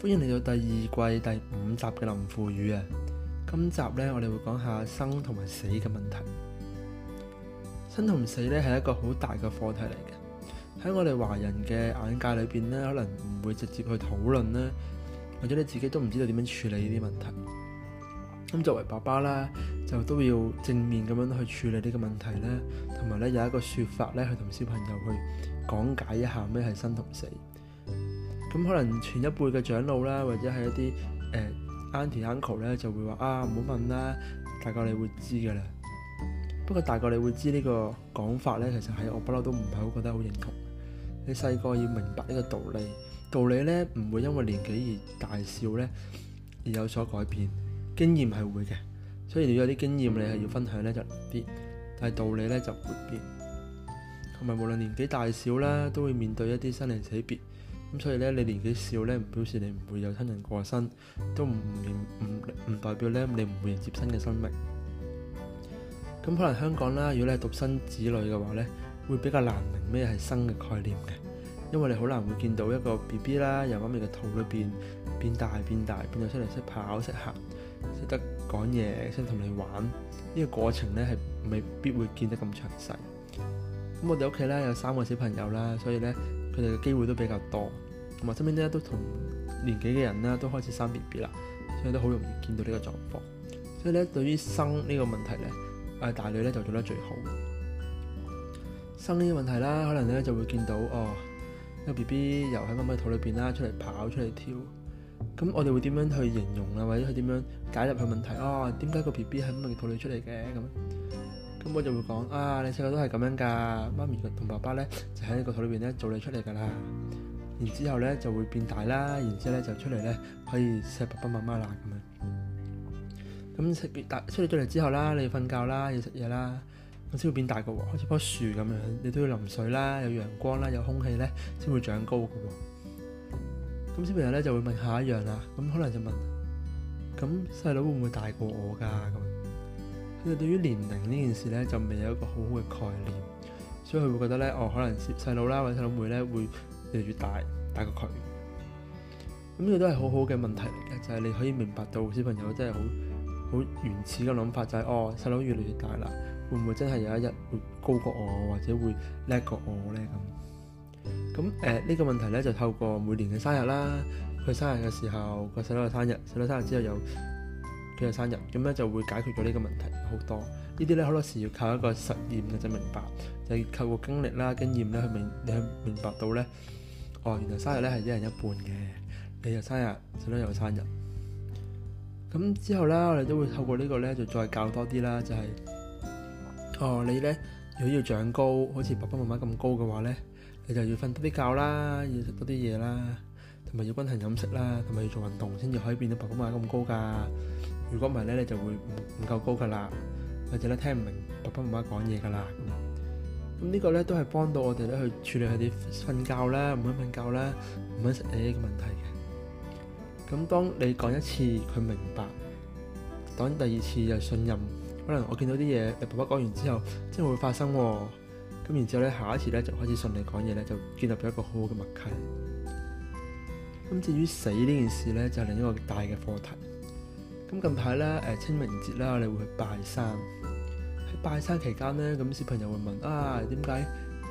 歡迎嚟到第二季第五集嘅林父宇。啊！今集呢，我哋會講下生同埋死嘅問題。生同死呢係一個好大嘅課題嚟嘅。喺我哋華人嘅眼界裏邊呢，可能唔會直接去討論呢，或者你自己都唔知道點樣處理呢啲問題。咁作為爸爸啦，就都要正面咁樣去處理呢個問題呢。同埋呢，有一個說法呢，去同小朋友去講解一下咩係生同死。咁可能前一輩嘅長老啦，或者係一啲誒 auntie uncle 咧，就會話，啊，唔好問啦，大個你會知嘅啦。不過大個你會知呢個講法咧，其實喺我不嬲都唔係好覺得好認同。你細個要明白呢個道理，道理咧唔會因為年紀而大小咧而有所改變。經驗係會嘅，雖然你有啲經驗你係要分享咧就啲，但係道理咧就唔變。同埋無論年紀大小啦，都會面對一啲生離死別。咁所以咧，你年紀少咧，唔表示你唔會有親人過身，都唔唔唔代表咧你唔會迎接新嘅生命。咁、嗯、可能香港啦，如果你係獨生子女嘅話咧，會比較難明咩係新嘅概念嘅，因為你好難會見到一個 B B 啦，由媽咪嘅肚裏邊變大變大，變到出嚟識跑識行，識得講嘢，識同你玩，呢、呢個過程咧係未必會見得咁詳細。咁、嗯、我哋屋企咧有三個小朋友啦，所以咧。佢哋嘅機會都比較多，同埋身邊咧都同年紀嘅人咧都開始生 B B 啦，所以都好容易見到呢個狀況。所以咧對於生呢個問題咧，誒、呃、大女咧就做得最好。生呢啲問題啦，可能咧就會見到哦，這個 B B 又喺媽媽嘅肚裏邊啦，出嚟跑出嚟跳。咁我哋會點樣去形容啊，或者佢點樣解入去問題？哦，點解個 B B 係咁樣嘅肚裏出嚟嘅咁咁我就會講啊，你細個都係咁樣噶，媽咪同爸爸咧就喺個肚裏邊咧做你出嚟噶啦，然之後咧就會變大啦，然之後咧就出嚟咧可以錫爸爸媽媽啦咁樣。咁食完大出嚟出嚟之後啦，你要瞓覺啦，要食嘢啦，咁先會變大噶喎，好似棵樹咁樣，你都要淋水啦，有陽光啦，有空氣咧先會長高噶喎。咁小朋友咧就會問下一樣啦，咁可能就問，咁細佬會唔會大過我噶咁？其實對於年齡呢件事咧，就未有一個好好嘅概念，所以佢會覺得咧，哦，可能是細佬啦或者細佬妹咧，會越嚟越大，大過佢。咁呢個都係好好嘅問題嚟嘅，就係你可以明白到小朋友真係好，好原始嘅諗法，就係哦，細佬越嚟越大啦，會唔會真係有一日會高過我，或者會叻過我咧咁？咁誒呢個問題咧，就透過每年嘅生日啦，佢生日嘅時候，個細佬嘅生日，細佬生日之後有，佢嘅生日，咁咧就會解決咗呢個問題好多。呢啲咧好多時要靠一個實驗嘅就明白，就係靠個經歷啦、經驗咧去明你去明白到咧。哦，原來生日咧係一人一半嘅，你又生日，仔女都有生日。咁之後咧，我哋都會透過呢個咧就再教多啲啦，就係哦，你咧如果要長高，好似爸爸媽媽咁高嘅話咧，你就要瞓多啲覺啦，要食多啲嘢啦，同埋要均衡飲食啦，同埋要做運動先至可以變到爸爸媽媽咁高噶。如果唔係咧，你就會唔唔夠高噶啦，或者咧聽唔明爸爸媽媽講嘢噶啦。咁、嗯這個、呢個咧都係幫到我哋咧去處理佢啲瞓覺啦，唔肯瞓覺啦，唔肯食嘢嘅問題嘅。咁當你講一次佢明白，當第二次就信任，可能我見到啲嘢，爸爸講完之後，真係會發生、哦。咁然之後咧，下一次咧就開始順利講嘢咧，就建立咗一個好好嘅默契。咁至於死呢件事咧，就是、另一個大嘅課題。咁近排咧，誒清明節啦，我哋會去拜山。喺拜山期間咧，咁小朋友會問啊，點解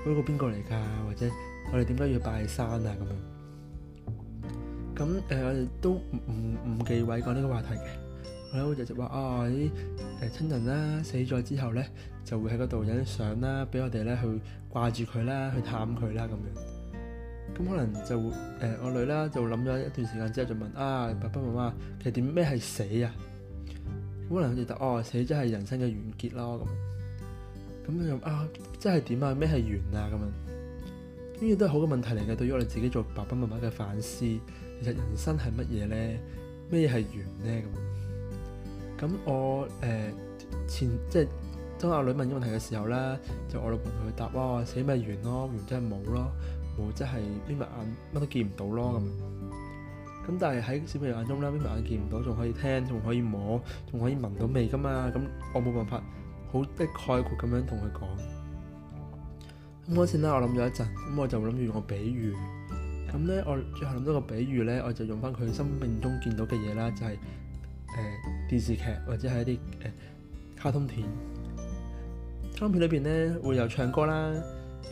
嗰個邊個嚟㗎？或者我哋點解要拜山啊？咁樣，咁誒，我哋、呃、都唔唔忌諱講呢個話題嘅。我哋會直接話啊，啲誒親人啦，死咗之後咧，就會喺嗰度影相啦，俾我哋咧去掛住佢啦，去探佢啦，咁樣。咁可能就誒、呃，我女啦就諗咗一段時間之後就問啊，爸爸媽媽，其實點咩係死啊？可能佢哋答哦，死即係人生嘅完結咯，咁咁就：「啊，即係點啊？咩係完啊？」咁樣呢啲都係好嘅問題嚟嘅，對於我哋自己做爸爸媽媽嘅反思，其實人生係乜嘢咧？咩係完咧？咁咁我誒、呃、前即係當阿女問呢個問題嘅時候咧，就我老婆同佢答哦，死咪完咯，完真係冇咯。即係瞇埋眼乜都見唔到咯咁，咁、嗯、但係喺小朋友眼中咧，瞇埋眼見唔到，仲可以聽，仲可以摸，仲可以聞到味噶嘛？咁我冇辦法好即概括咁樣同佢講。咁嗰陣咧，我諗咗一陣，咁我就諗住用個比喻。咁咧，我最後諗到個比喻咧，我就用翻佢生命中見到嘅嘢啦，就係、是、誒、呃、電視劇或者係一啲誒、呃、卡通片。卡通片裏邊咧會有唱歌啦。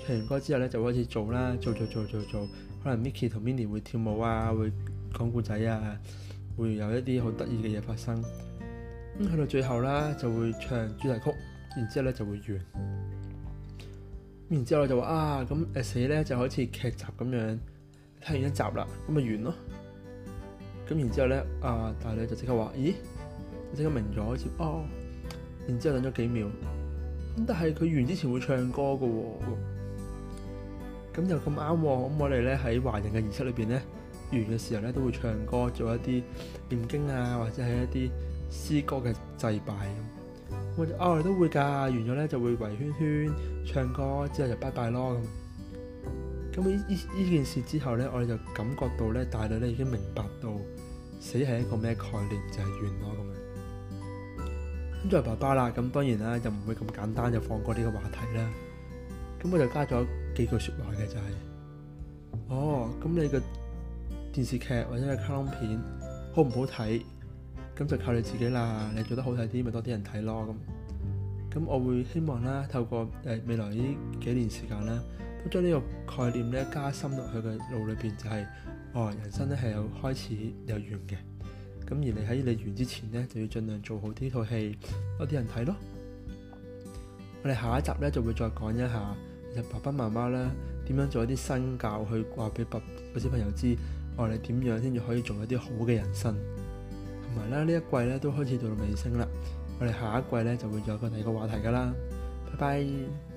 唱完歌之後咧，就會開始做啦，做做做做做，可能 Mickey 同 Minnie 會跳舞啊，會講故仔啊，會有一啲好得意嘅嘢發生。咁去到最後啦，就會唱主題曲，然之後咧就會完。然之後我就話啊，咁誒死咧，就好似劇集咁樣，睇完一集啦，咁咪完咯。咁然之後咧，啊大女就即刻話：咦，即刻明咗好似哦，然之後等咗幾秒，咁但係佢完之前會唱歌嘅喎、哦。咁又咁啱喎，咁、啊、我哋咧喺華人嘅儀式裏邊咧，完嘅時候咧都會唱歌，做一啲念經啊，或者係一啲詩歌嘅祭拜咁。我哋、哦、都會㗎，完咗咧就會圍圈圈唱歌，之後就拜拜咯咁。咁呢呢件事之後咧，我哋就感覺到咧，大女咧已經明白到死係一個咩概念，就係、是、完咗咁。咁作為爸爸啦，咁當然啦，就唔會咁簡單就放過呢個話題啦。咁我就加咗幾句説話嘅就係，哦，咁你嘅電視劇或者係卡通片好唔好睇？咁就靠你自己啦。你做得好睇啲，咪多啲人睇咯。咁，咁我會希望啦，透過誒未來呢幾年時間啦，都將呢個概念咧加深落去嘅腦裏邊，就係，哦，人生咧係有開始有完嘅。咁而你喺你完之前咧，就要盡量做好呢套戲，多啲人睇咯。我哋下一集咧就會再講一下。爸爸媽媽咧，點樣做一啲身教去話俾爸個小朋友知，我哋點樣先至可以做一啲好嘅人生，同埋咧，呢一季咧都開始做到尾聲啦，我哋下一季咧就會有個第二個話題噶啦，拜拜。